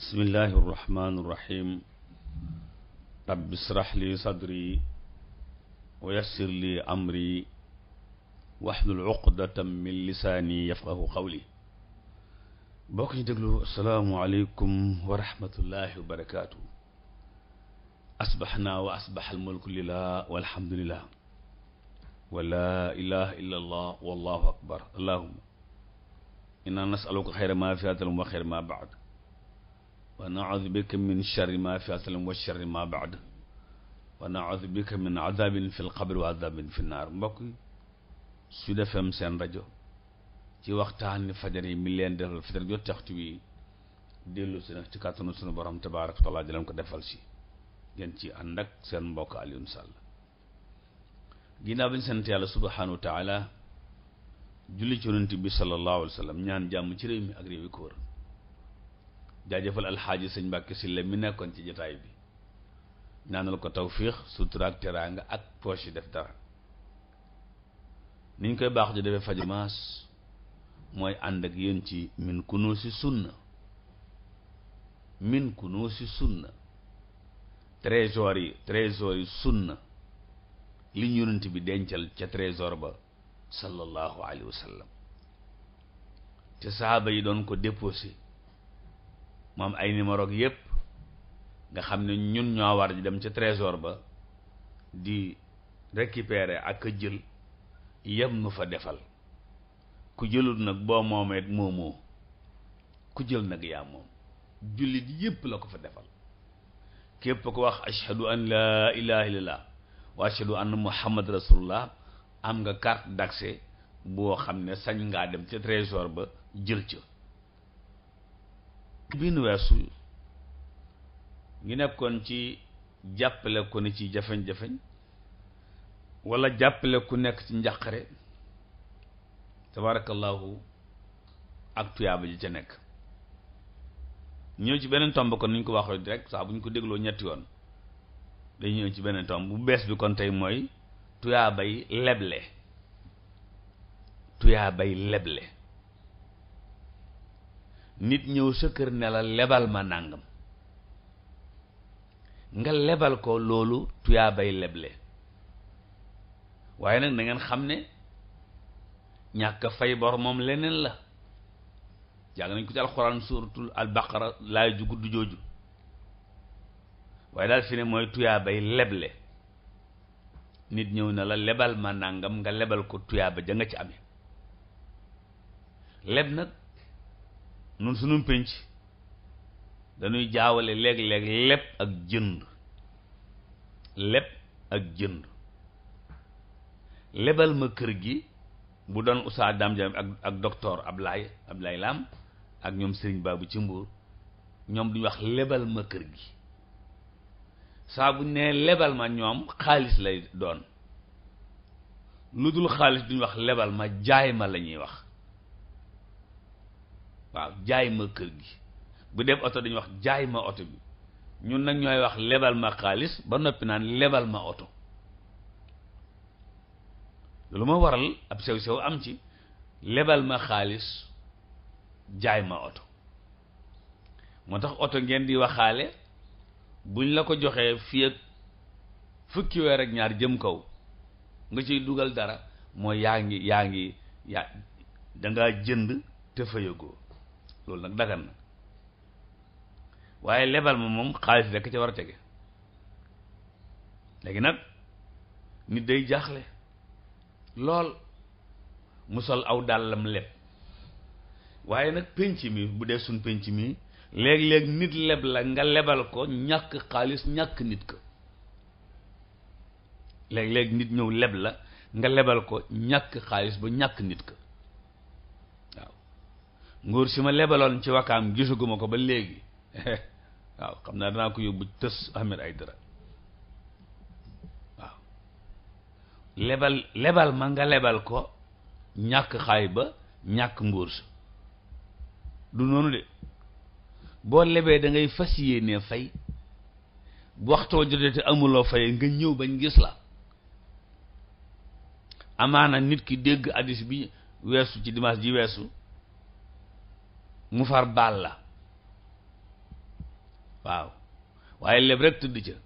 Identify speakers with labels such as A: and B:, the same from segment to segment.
A: bismillahi irrahmani irrahim rabbi israh li sadri wa yassir li amri waxlul uqdatan min lisaani yafqahu qawli bokk ñu déglu asalaamualeykum wa rahmatullahi wa barakatuhu asbaxnaa wa asbax almulku lillah walhamdulillah wa laa ilaha illa allah wallahu akbar allahuma inna nasaluka xayra ma fi atalum wa xayra ma baad wa naudu bika min sharri ma fi aslam wa sharri ma baad wa naudu bika min azabin fi wa azabin fi naar mbokk Sud FM seen rajo ci waxtaani fajar yi mi leen defal fajar jot waxtu wi dellu si nag ci kàttanu sunu borom tabaaraka wa taala jëlam ko defal si ngeen ci ànd ak seen mbokk Alioune sal ginaa bi ñu sant yàlla subhaanahu wa taala ci yonent bi sallallahu alayhi wa ñaan jàmm ci réew mi ak réew jaajëfal alxaaji sëñ Mbàkke silee mi nekkoon ci jataay bi ñaanal ko tawfiix sutura ak teraanga ak poche yi def dara niñ koy baax di defee fajar maas mooy ànd ak yéen ci min kunoo si sunna min kunoo si sunna trésor yi trésor yi sunna li ñu yonent bi dencal ca trésor ba sallallahu alayhi wa sallam te sahaaba yi doon ko déposé moom ay numéro ak yépp nga xam ne ñun ñoo war di dem ca trésor ba di récupérer ak a jël yem nu fa defal ku jëlul nag boo moomeet moomoo ku jël nag yaa moom jullit yépp la ko fa defal képp ko wax ashhadu an laa ilaha illallah wa ashhadu anna muhammad rasulullah am nga carte d'accès boo xam ne sañ ngaa dem ca trésor ba jël ca bii nu weesu ngi nekkoon ci jàppale ko ni ci jafeñ-jafeñ wala jàppale ku nekk ci njàqare tabarakallahu ak tuyaaba ji ca nekk ñëw ci beneen tomb kon ni ñu ko waxee direct sax bu ñu ko dégloo ñetti yoon dañ ñëw ci beneen tomb bu bees bi kon tey mooy tuyaabay leble tuyaabay leble nit ñëw sa kër nela lebal ma nàngam nga lebal ko loolu tuyaa bay leble waaye nag na ngeen xam ne ñàkk fay bor moom leneen la jàng nañ ko ci alxuraan suuratul albaqara laay ju gudd jooju waaye daal fi ne mooy tuyaa bay leble nit ñëw na la lebal ma nàngam nga lebal ko tuyaa ba ja ci amee leb nag nun sunum pénc dañuy jaawale léeg-léeg lépp ak jënd lépp ak jënd lebal ma kër gi bu doon usaa dam jam ak ak docteur Ablaye Ablaye Lam ak ñoom Serigne Babu ci Mbuur ñoom duñu wax lebal ma kër gi saa bu nee ma ñoom xaalis lay doon lu dul xaalis duñu wax lebal ma jaay ma la ñuy wax waaw jaay ma kër gi bu dee oto dañuy wax jaay ma oto bi ñun nag ñooy wax lebal ma xaalis ba noppi naan lebal ma oto lu ma waral ab sew sew am ci lebal ma xaalis jaay ma oto moo tax oto ngeen di waxaale buñ la ko joxee fi ak fukki weer ñaar jëm kaw nga ciy dugal dara moo yaa ngi yaa ngi yaa jënd te fayagoo loolu nag dagan na waaye lebal ma moom xaalis rekk ca war a tege léegi nag nit day jaaxle lool mu sol aw dàllam leb waaye nag penc mi bu dee suñ penc mi léeg-léeg nit leb la nga lebal ko ñàkk xaalis ñàkk nit ko léeg-léeg nit ñëw leb la nga lebal ko ñàkk xaalis ba ñàkk nit ko nguur si ma lebaloon ci wakkaam gisuguma ko ba léegi waaw xam naa danaa ko yóbbu tës Ahmed Aïdara waaw lebal lebal ma nga lebal ko ñàkk xaay ba ñàkk nguur sa du noonu de boo lebee dangay fas yéenee fay bu waxtoo jotee te amuloo fay nga ñëw bañ gis la amaana nit ki dégg addis bi weesu ci dimanche ji weesu mu far baal la waaw waaye leb rek tudd ca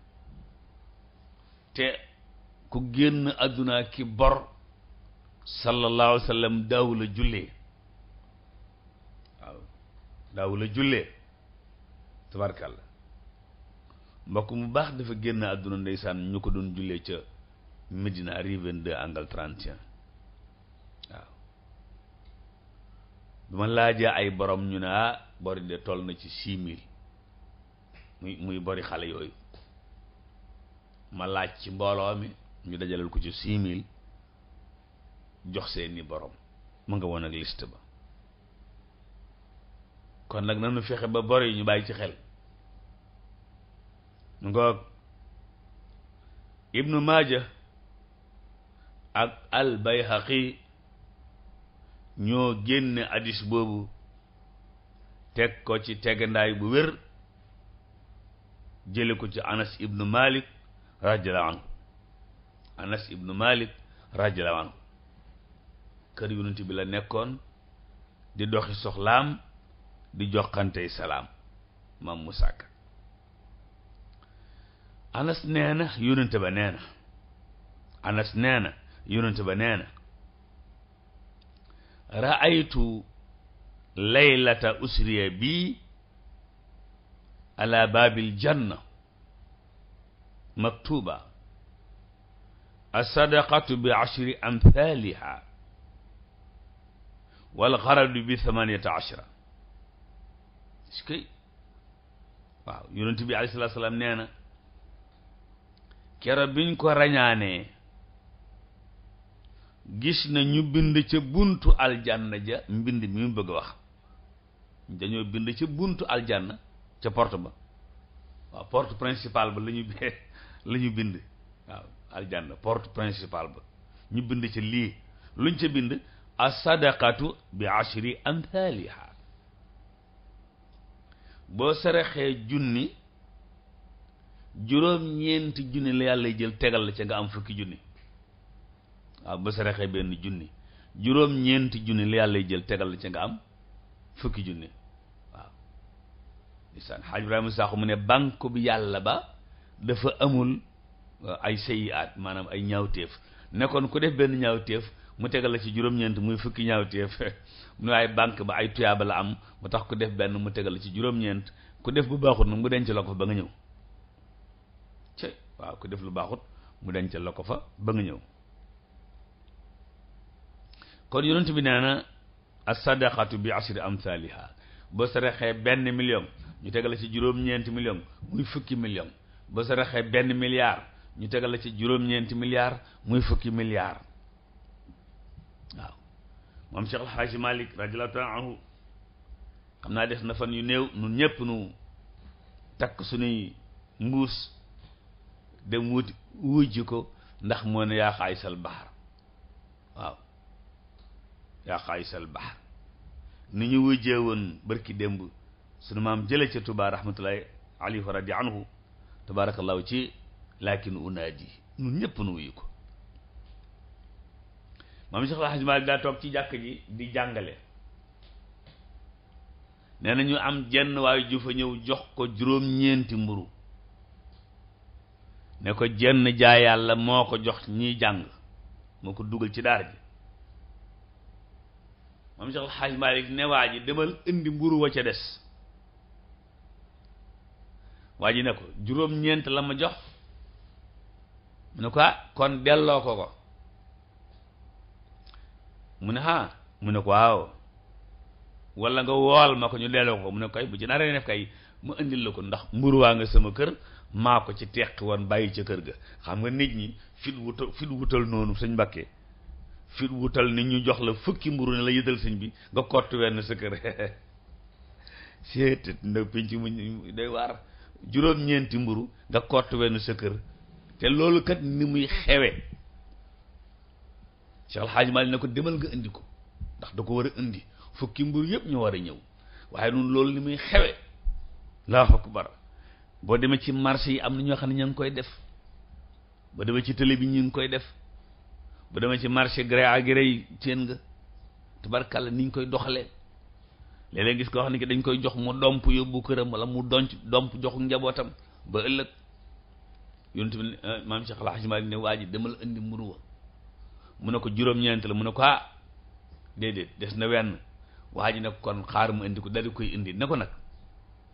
A: te ku génn àdduna ki bor sallallahu alayhi wa sallam daawu la jullee waaw daawu la mbokk mu baax dafa génn àdduna ndeysaan ñu ko doon jullee ca Medina rue 22 angle 31 bi ma laajee ay boroom ñu ne ah bori de toll na ci six mille muy muy bori xale yooyu ma laaj ci mbooloo mi ñu dajalal ko ci six mille jox seeni boroom mu nga woon ak liste ba kon nag nanu fexe ba bori ñu bàyyi ci xel ngoog ibnu maaja ak al bayhaqi ñoo génne hadis boobu teg ko ci tegandaay bu wér jële ko ci anas ibnu malik radiyallahu anhu anas ibnu malik radiyallahu anhu kër yonent bi la nekkoon di doxi soxlaam di joxantey salaam maam musaka anas nee na yonent ba nee na anas nee na yonent ba nee na ra'aytu laylata usriya bi ala baabil janna maktuba alsadaqatu bi ashri amthaliha walgaradu bi thamaniyata ashra waaw yonent bi alayhi salaatu wa salaam nee na keroog biñ ko rañaanee gis na ñu bind ca buntu aljanna ja mbind mi mu bëgg wax dañoo bind ca buntu aljanna ca port ba waaw porte principale ba lañu ñu la bind waaw aljanna porte principale ba ñu bind ca lii luñ ca bind as-sadaqatu bi ashri amthaliha boo saraxee junni juróom-ñeenti junni la yàlla jël tegal la ca nga am fukki junni waaw ah, ba saraxee benn junni juróom-ñeenti junni la yàlla jël tegal la ca nga am fukki junni waaw lisaan xaaj Ibrahima Sakho mu ne banque bi yàlla ba dafa amul ah, ay sayiaat maanaam ay ñaawteef nekkoon ku def benn ñaawteef mu tegal la ci juróom-ñeent muy fukki ñaawteef mu ne waaye banque ba ay tuyaaba la am mu tax ku def benn mu tegal la ci juróom-ñeent ku def bu baaxut nag mu denc la ko fa ba nga ñëw waaw ku def lu baaxut mu denc la ko fa ba nga ñëw kon yonent bi nee na as bi asri amthaliha boo saraxee benn million ñu tegal ci juróom-ñeenti million muy fukki million boo saraxee benn milliard ñu tegal ci juróom-ñeenti milliard muy fukki milliard waaw moom Cheikh Alxaaji Malik radiyallahu anhu xam naa def na fan yu néew nun ñépp nu takk suñuy mbuus dem wuti wujji ko ndax moo ne yaa xaay sal baxar waaw yaa xaayisal baxar ni ñu wujjee woon barki démb sunu maam jële ca Tuubaa rahmatullahi alayhi wa radi anhu tabarakallahu ci laakin unaadi nun ñëpp nu wuyu ko maam Cheikh Alhaji Malick daa toog ci jàkk ji di jàngale nee na ñu am jenn waaye ju fa ñëw jox ko juróom-ñeenti mburu ne ko jenn jaay yàlla moo ko jox ñiy jàng moo ko dugal ci daar ji moom Seex Alxaaj Maalik ne waa ji demal indi mburu wa ca des waa ji ne ko juróom-ñeent la ma jox mu ne ko ah, kon delloo ko ko mu ne ah mu ne ko waaw wala nga wool ma ko ñu delloo ko mu ne koy bu ci naree def kay mu indil la ko ndax mburu waa nga sama kër maa ko ci teqi woon bàyyi ca kër ga xam nga nit ñi fit wutal fit wutal noonu suñ mbakkee fit wutal ni ñu jox la fukki mburu ne la yëtal siñ bi nga kott wenn sa kër seetit ndaw penc mu day waar juróom-ñeenti mburu nga kott wenn sa kër te loolu kat ni muy xewe Cheikh Al Hadj Malick ko demal nga indi ko ndax da ko war a indi fukki mburu yëpp ñu war a ñëw waaye nun loolu ni muy xewe Allahu akbar boo demee ci marché yi am na ñoo xam ne ñu ngi koy def boo demee ci télé bi ñu ngi koy def bu demee ci marché gré à gré yi seen nga tubarkalla niñ koy doxalee léeg-léeg gis ko wax ni ki dañ koy jox mu domp yóbbu këram wala mu donc domp joxul njabootam ba ëllëg yonent bi eh, maam Cheikh Alhaji Malick ne waa ji demal indi mburu mu ne ko juróom-ñeent la mu ne ko ah déedéet des na wenn waa ji nag kon xaar mu indi ko dal koy indi ne ko nag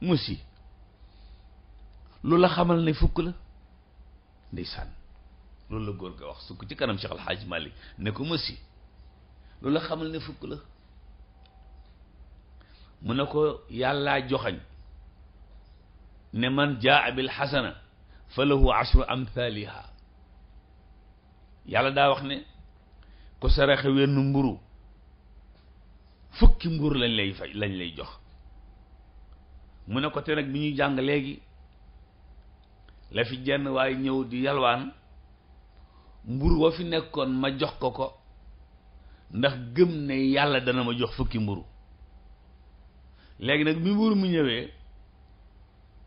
A: musi lu la xamal ne fukk la ndeysaan loolu la góor ga wax sukk ci kanam Cheikh Al Hadj ne ko mësi loolu la xamal ne fukk la mu ne ko yàllaa joxañ ne man jaa bil xasana fa lahu ashru amthaliha yàlla daa wax ne ku saraxe wenn mburu fukki mburu lañ lay faj lañ lay jox mu ne ko te nag bi ñuy jàng léegi la fi jenn waaye ñëw di yalwaan mburu wa fi nekkoon ma jox ko ko ndax gëm ne yàlla dana ma jox fukki mburu léegi nag bi mburu mu ñëwee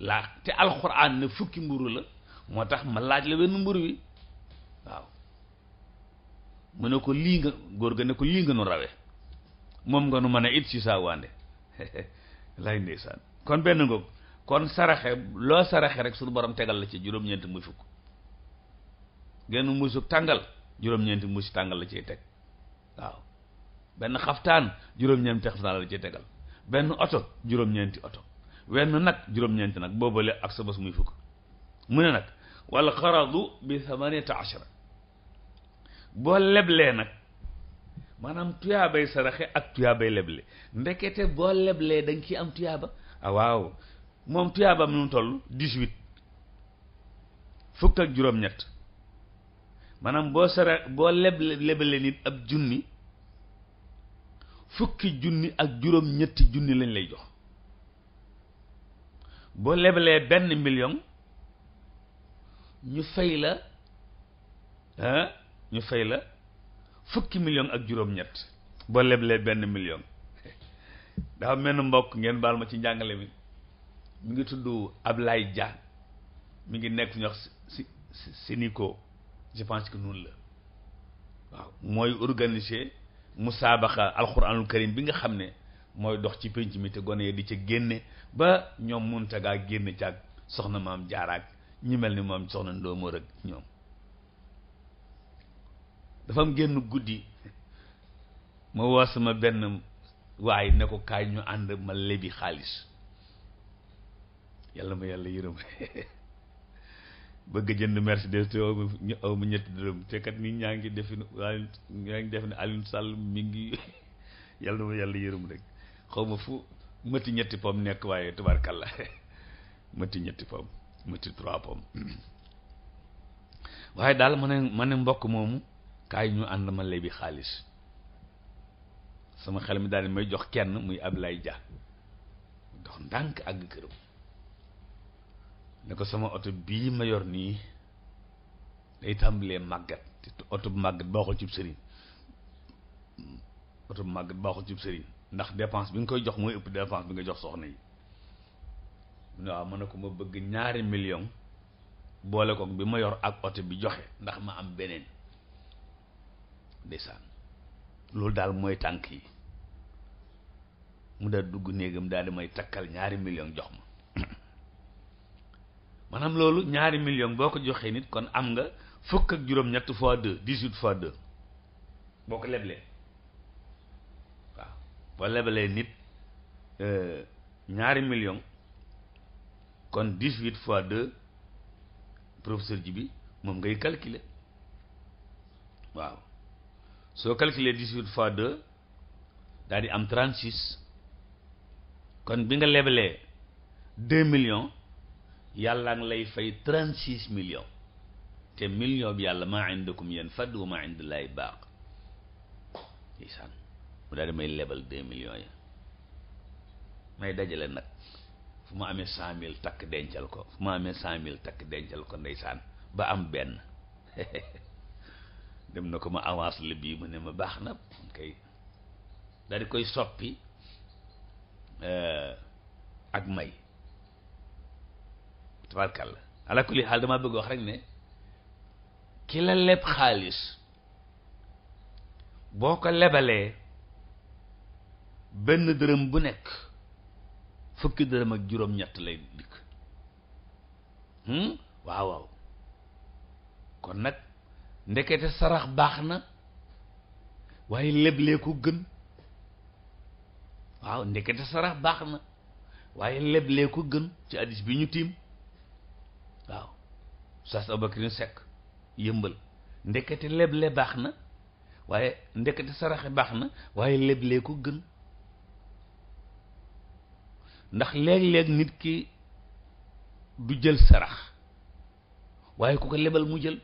A: laa te alxuraan ne fukki mburu la moo tax ma laaj la benn mburu wi waaw mu ne ko lii nga góor ga ne ko lii nga nu rawe moom nga nu mën a it ci saa waande lay ndeysaan kon benn ngoog kon saraxe loo saraxe rek suñu borom tegal la ci juróom-ñeent muy fukk genn musuk tàngal juróom-ñeenti musi tàngal la ciy teg waaw benn xaftaan juróom-ñeenti xaftaan la ciy tegal benn oto juróom-ñeenti oto wenn nag juróom-ñeenti nag boobale ak sa bés muy fukk mu ne nag walla xaradu bi thamaniyata ashara boo leblee nag maanaam tuyaabay saraxe ak tuyaabay leble ndekete boo leblee da nga am tuyaaba ah waaw moom tuyaabam nu mu toll dix fukk ak juróom-ñett maanaam boo sara boo leb nit ab junni fukki junni ak juróom ñetti junni lañ lay jox boo lebalee benn million ñu fay la ah, ñu fay la fukki million ak juróom ñett boo lebalee benn million dafa mel mbokk ngeen baal ma ci njàngale mi mi ngi tudd Ablaye Dia mi ngi nekk ñox si si si Senico je pense que noonu la waaw mooy organiser musaabaqa alxuraanul karim bi nga xam ne mooy dox ci pénc mi te gone di ca génne ba ñoom muntagaa génn caag soxna maam jaaraak ñu mel ni moom soxna ndoomo rek ñoom dafa am génn guddi ma woo sama benn waaye ne ko kaay ñu ànd ma lebi xaalis yàlla ma yàlla yërëm bëgg jënd Mercedes te aw ñetti dërëm te kat nit ñaa ngi def ni ñaa ngi def ne Alioune Sall mi ngi yàlla na ma yàlla yërëm rek xaw ma fu mëti ñetti pom nekk waaye tubaarkàlla mëti ñetti pom mëti trois pom waaye daal ma ne ma ne mbokk moomu kaay ñu ànd ma lebi xaalis sama xel mi daal may jox kenn muy Ablaye Dia dox ndànk àgg këram. ne ko sama oto bii ma yor nii day tàmbalee màggat te oto bu màggat baaxul cib sëriñ oto bu màggat baaxul cib sëriñ ndax dépense bi nga koy jox mooy ëpp dépense bi nga jox soxna yi waaw ma ne ko ma bëgg ñaari million boole kook bi ma yor ak oto bi joxe ndax ma am beneen ndeysaan loolu daal mooy tànk yi mu daal dugg néegam daal di may takkal ñaari million jox ma maanaam loolu ñaari million boo ko joxee nit kon am nga fukk ak juróom ñett fois de dix-huit fois deux boo ko leblee waaw boo lebalee nit euh, ñaari million kon dix-huit fois de professeur ji bi moom ngay calculer waaw soo calculer dix-huit fois de daal di am trente-six kon bi nga lebalee deux millions yàlla ngi lay fay trente six millions te million bi yàlla maa indakum yanfad wa lay baax baaq isaan mu daal may lebal deux million ya may dajale nag fu ma amee cent mille takk dencal ko fu ma amee cent mille takk dencal ko ndeysaan ba am benn dem na ko ma avance la bii mu ne ma baax na kay daal koy soppi euh, ak may tabarkalla la kulli xaal damaa bëgg wax rek ne ki la leb xaalis boo ko lebalee benn dërëm bu nekk fukki dërëm ak juróom-ñett lay dikk hmm? waaw waaw kon nag ndekete sarax baax na waaye leblee ko gën waaw ndekete sarax baax na waaye leblee ko gën ci addis bi ñu tiim waaw sas Ababacrine Seck yëmbal ndekete leble baax na waaye ndekete saraxe baax na waaye leblee ko gën ndax léeg-léeg nit ki du jël sarax waaye ku ko lebal mu jël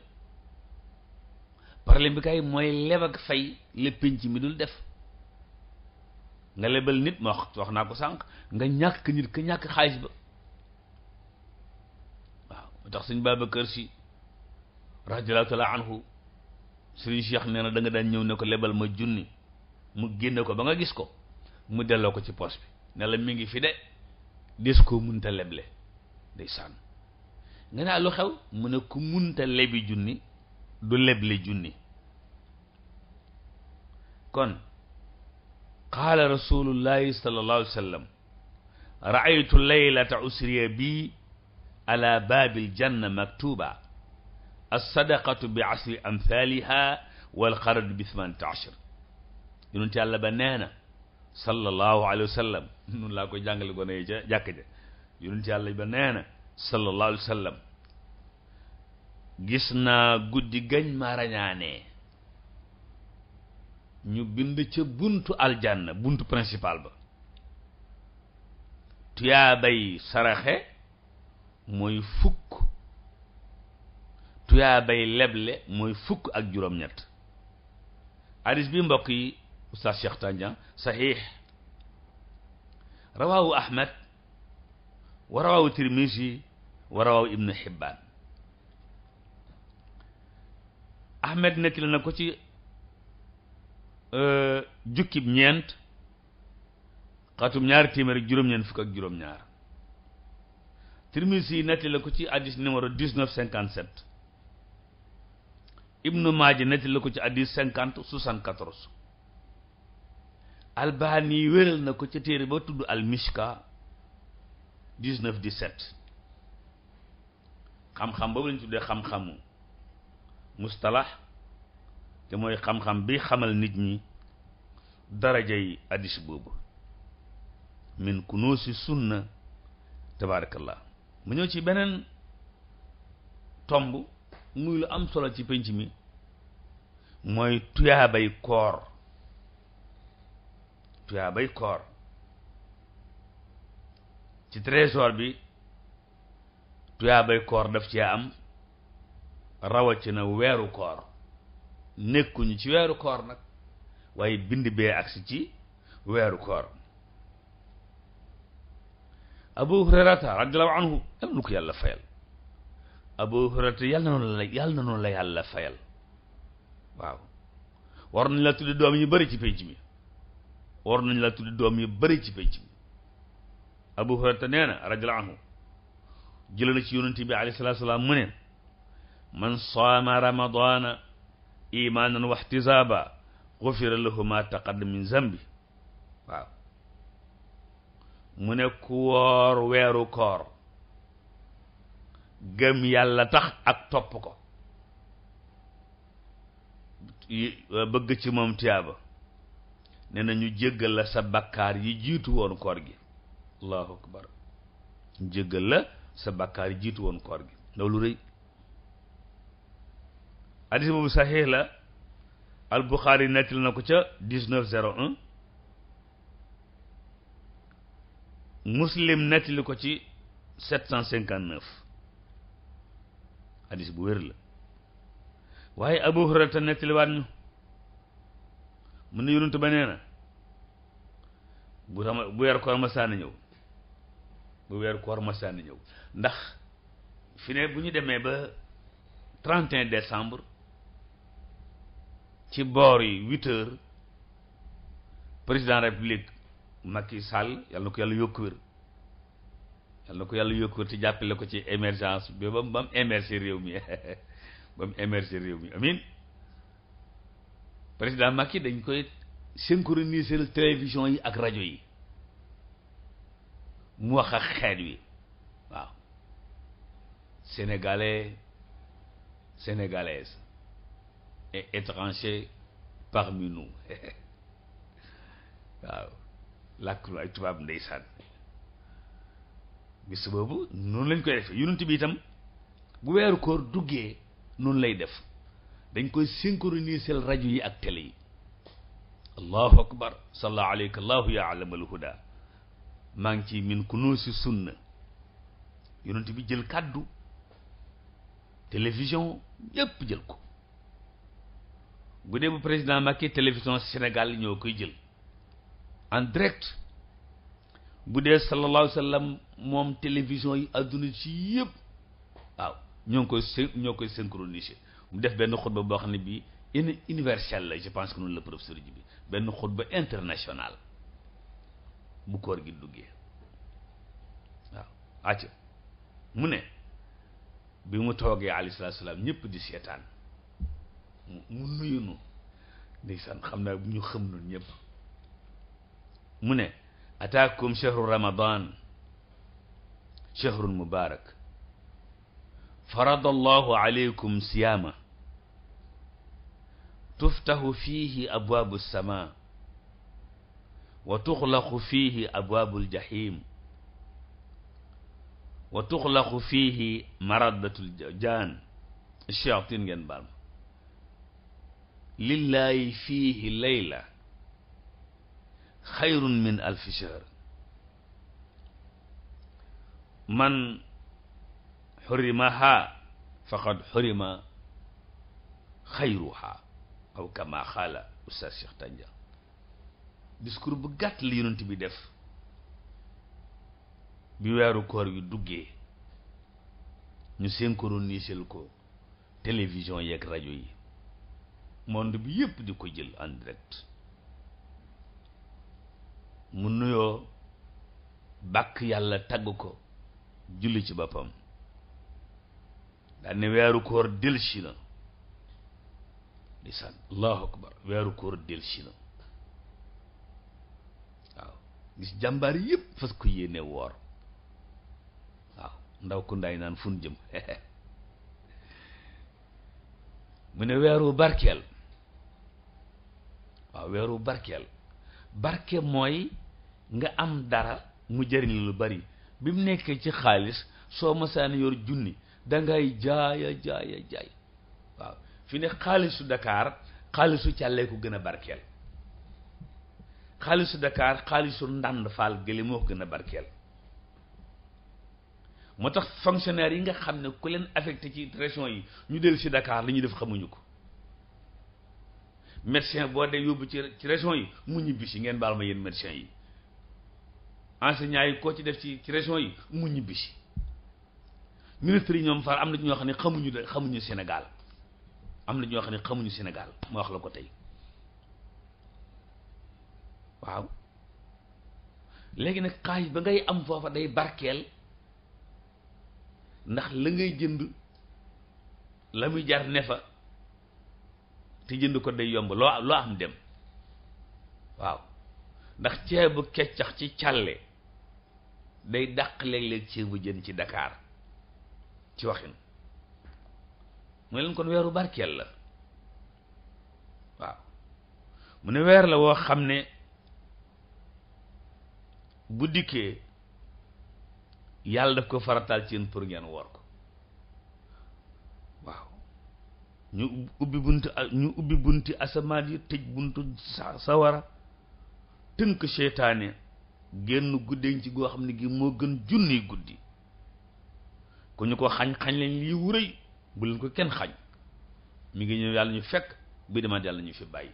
A: problème bi kay mooy leb ak fay le mi dul def nga lebal nit ma wax wax naa ko sànq nga ñàkk nit ka ñàkk xaalis ba lu tax sëñ Babacar Si radiyallahu taala anhu sëriñ Cheikh nee na danga nga daan ñëw ne ko lebal ma junni mu génne ko ba nga gis ko mu delloo ko ci poos bi ne la mi ngi fi de des koo munta leble day sànn nga naa lu xew mu ne ku munta lebi junni du leble junni kon qaala rasulullahi sallallahu alayhi wa sallam raaytu usriya bii ala baabil janna maktuba alsadaqatu bi asri amthaliha walxaradu bi thamante ashar yonent yàlla ba nee na sallallahu alayhi wa sallam nun laa koy jàngale gone yi ca jàkk ja yonent yàlla ba nee na sallallahu alayhi wa sallam gis naa guddi gañ ma rañaanee ñu bind ca buntu aljanna buntu principal ba tuyaabay saraxe mooy fukk tuyaabay leble mooy fukk ak juróom-ñett hadis bi mbokk yi oustaz Cheikh Tandian saxiix rawaahu Ahmed wa rawaahu Tirmisi wa rawaahu Ibnu Xibbaan Ahmed nettali na ko ci euh, jukkib ñeent xatum ñaar téeméer juróom-ñeent fukk ak juróom-ñaar. Tirmisi yi nettali la ko ci hadis numéro dix-neuf cinquante-sept Ibnu Maaja nettali la ko ci hadis cinquante soixante-quatorze Albani wéral na ko ca téere ba tudd al Mishka dix-neuf dix-sept xam-xam boobu lañu tuddee xamal nit ñi daraja yi hadis boobu min kunuusi sunna tabaarakallah mu ñëw ci beneen tomb muy lu am solo ci penc mi mooy tuyaabay koor tuyaabay koor ci trésor bi tuyaabay koor daf ci am rawatina weeru koor nekkuñu ci weeru koor nag waaye bind bee agsi ci weeru koor abu hurairata radiallahu anhu yàlla na ko yàlla fayal abu hurairata yàlla na noonu la yàlla na noonu la yàlla fayal waaw war nañ la tuddi doom yu bëri ci penc mi war nañ la tuddi doom yu bëri ci penc mi abu hurairata nee na radiallahu anhu jëla na ci yonente bi alayhi salatu salaam mu ne man saama ramadana imanan wa ihtisaaba gufira lahu ma taqaddama min zambi waaw mu ne ku woor weeru koor gëm yàlla tax ak topp ko euh, bëgg ci moom tiyaaba nee na ñu jéggal la sa bakkaar yi jiitu woon koor gi allahu akbar ñu jéggal la sa bakkaar yi jiitu woon koor gi loolu rëy hadis boobu saxiix la al Buxaari nettal na ko ca dix-neuf zéro muslim nettali ko ci sept cent cinquante neuf hadis bu wér la waaye abu hurayrata nettaliwaat ñu mu ne yonent ba nee na bu sama bu weer koor masaana ñëw bu weer koor masaana ñëw ndax fi bu ñu demee ba 31 décembre ci boor yi huit heures président république yi Sall yàlla na ko yàlla yokku wér yàlla na ko yàlla yokku wér te jàppale ko ci émergence bi ba ba mu émerger réew mi ba mu émerger réew mi amin président Macky dañ koy synchroniser télévision yi ak rajo yi mu wax ak xeet wi waaw sénégalais sénégalaise et étranger parmi nous waaw làkk lu ay tubaab ndeysaan bis boobu noonu lañ koy defee yonent bi itam bu weeru koor duggee noonu lay def dañ koy synchroniser rajo yi ak télé yi allahu akbar salla alayka allahu ya alamal huda maa ngi ci min si sunna yonent bi jël kàddu télévision yépp jël ko bu dee bu président Macky télévision Sénégal ñoo koy jël en direct bu dee sallallahu alayhi wa moom télévision yi adduna ci yëpp waaw ñoo ngi koy ñoo koy synchroniser mu def benn xutba boo xam ne bii une universelle la je pense que noonu la professeur ji bi benn xutba international bu koor gi duggee waaw acca mu ne bi mu toogee alayhi salaam ñëpp di seetaan mu nuyunu ndeysaan xam naa bu ñu xam nun ñëpp mu ne ataakum shahru ramadan shahrun mubaarak farada allahu aleykum siyaama tuftahu fiihi abwaabu sama wa tuxlaqu fiihi abwaabul jahim wa tuxlaqu fiihi maradatul jaan shayatin ngeen baal ma lillahi fiihi layla xayrun min alfi shahr man xurimaha faqad xurima xayruha aw kama xaala oustaz Cheikh Tandia discours bu gàtt la yonent bi def bi weeru koor yu duggee ñu synchronisel ko television yeeg rajo yi monde bi yëpp di ko jël en mu nuyoo bàkk yàlla tagg ko julli ci boppam daal ne weeru koor delsi na di san allahu akbar weeru koor delsi na waaw gis jàmbaar yëpp fas ko yéene woor waaw ndaw ku naan fun jëm mu ne weeru barkeel waaw weeru barkeel barke mooy nga am dara mu jëriñ lu bari bi mu nekkee ci xaalis soo masaan yor junni dangay jaaya jaaya jaay waaw fi ne xaalisu Dakar xaalisu càllee ko gën a barkeel xaalisu Dakar xaalisu ndànd faal gële moo gën a barkeel moo tax fonctionnaire yi nga xam ne ku leen affecté ci région yi ñu dellu si dakaar li ñuy def xamuñu ko médecin boo dee yóbbu ci ci région yi mu ñibbi si ngeen baal ma yéen médecin yi enseignants koo ci def ci ci région yi mu ñibbi si ministre yi ñoom far am na ñoo xam ne xamuñu de xamuñu Sénégal am na ñoo xam ne xamuñu Sénégal ma wax la ko tey waaw léegi nag xaalis ba ngay am foofa day barkeel ndax la ngay jënd la muy jar ne fa te jënd ko day yomb loo loo am dem waaw ndax bu keccax ci càlle day dàq léeg-léeg ceeb bu jën ci dakaar ci waxin mu ne leen kon weeru barkeel la waaw mu ne weer la woo xam ne bu dikkee yàlla daf ko farataal ci yéen pour ngeen woor ko waaw ñu ubbi bunt ñu ubbi bunti asamaan yi tëj buntu sa sawara tënk seytaane génn guddeen ci goo xam ne gi moo gën junni guddi ku ñu ko xañ xañ lañ lii wuréy bu leen ko kenn xañ mi ngi ñëw yàlla ñu fekk bi demaat yàlla ñu fi bàyyi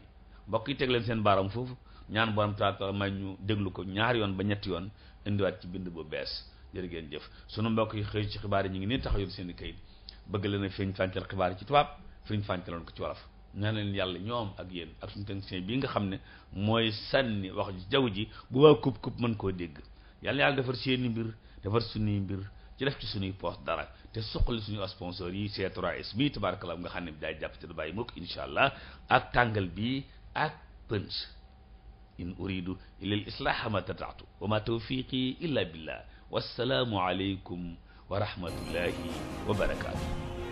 A: mbokk yi teg leen seen baaram foofu ñaan borom taala may ñu déglu ko ñaar yoon ba ñetti yoon indiwaat ci bind bu bees jërë ngeen jëf sunu mbokk yi xëy ci xibaar yi ñu ngi nii tax yor seen i kayit bëgg leen a fiñ fàncal xibaar yi ci tubaab fiñ fàncaloon ko ci wolof ñaanal yàlla ñoom ak yéen ak suñu technicien nga xam ne mooy sànni wax jaww ji bu waa kub kub mën koo dégg yàlla yàlla defar seeni mbir defar suñuy mbir ci def ci suñuy poste dara te suqali suñu sponsor yi C3S bii tabarakallah nga xam ne bi daay jàpp te du bàyyi mukk insha allah ak tàngal bi ak pënc in uridu illa l islaha ma tataatu wa ma tawfiqi illa billah wassalaamu aleykum wa rahmatullahi wa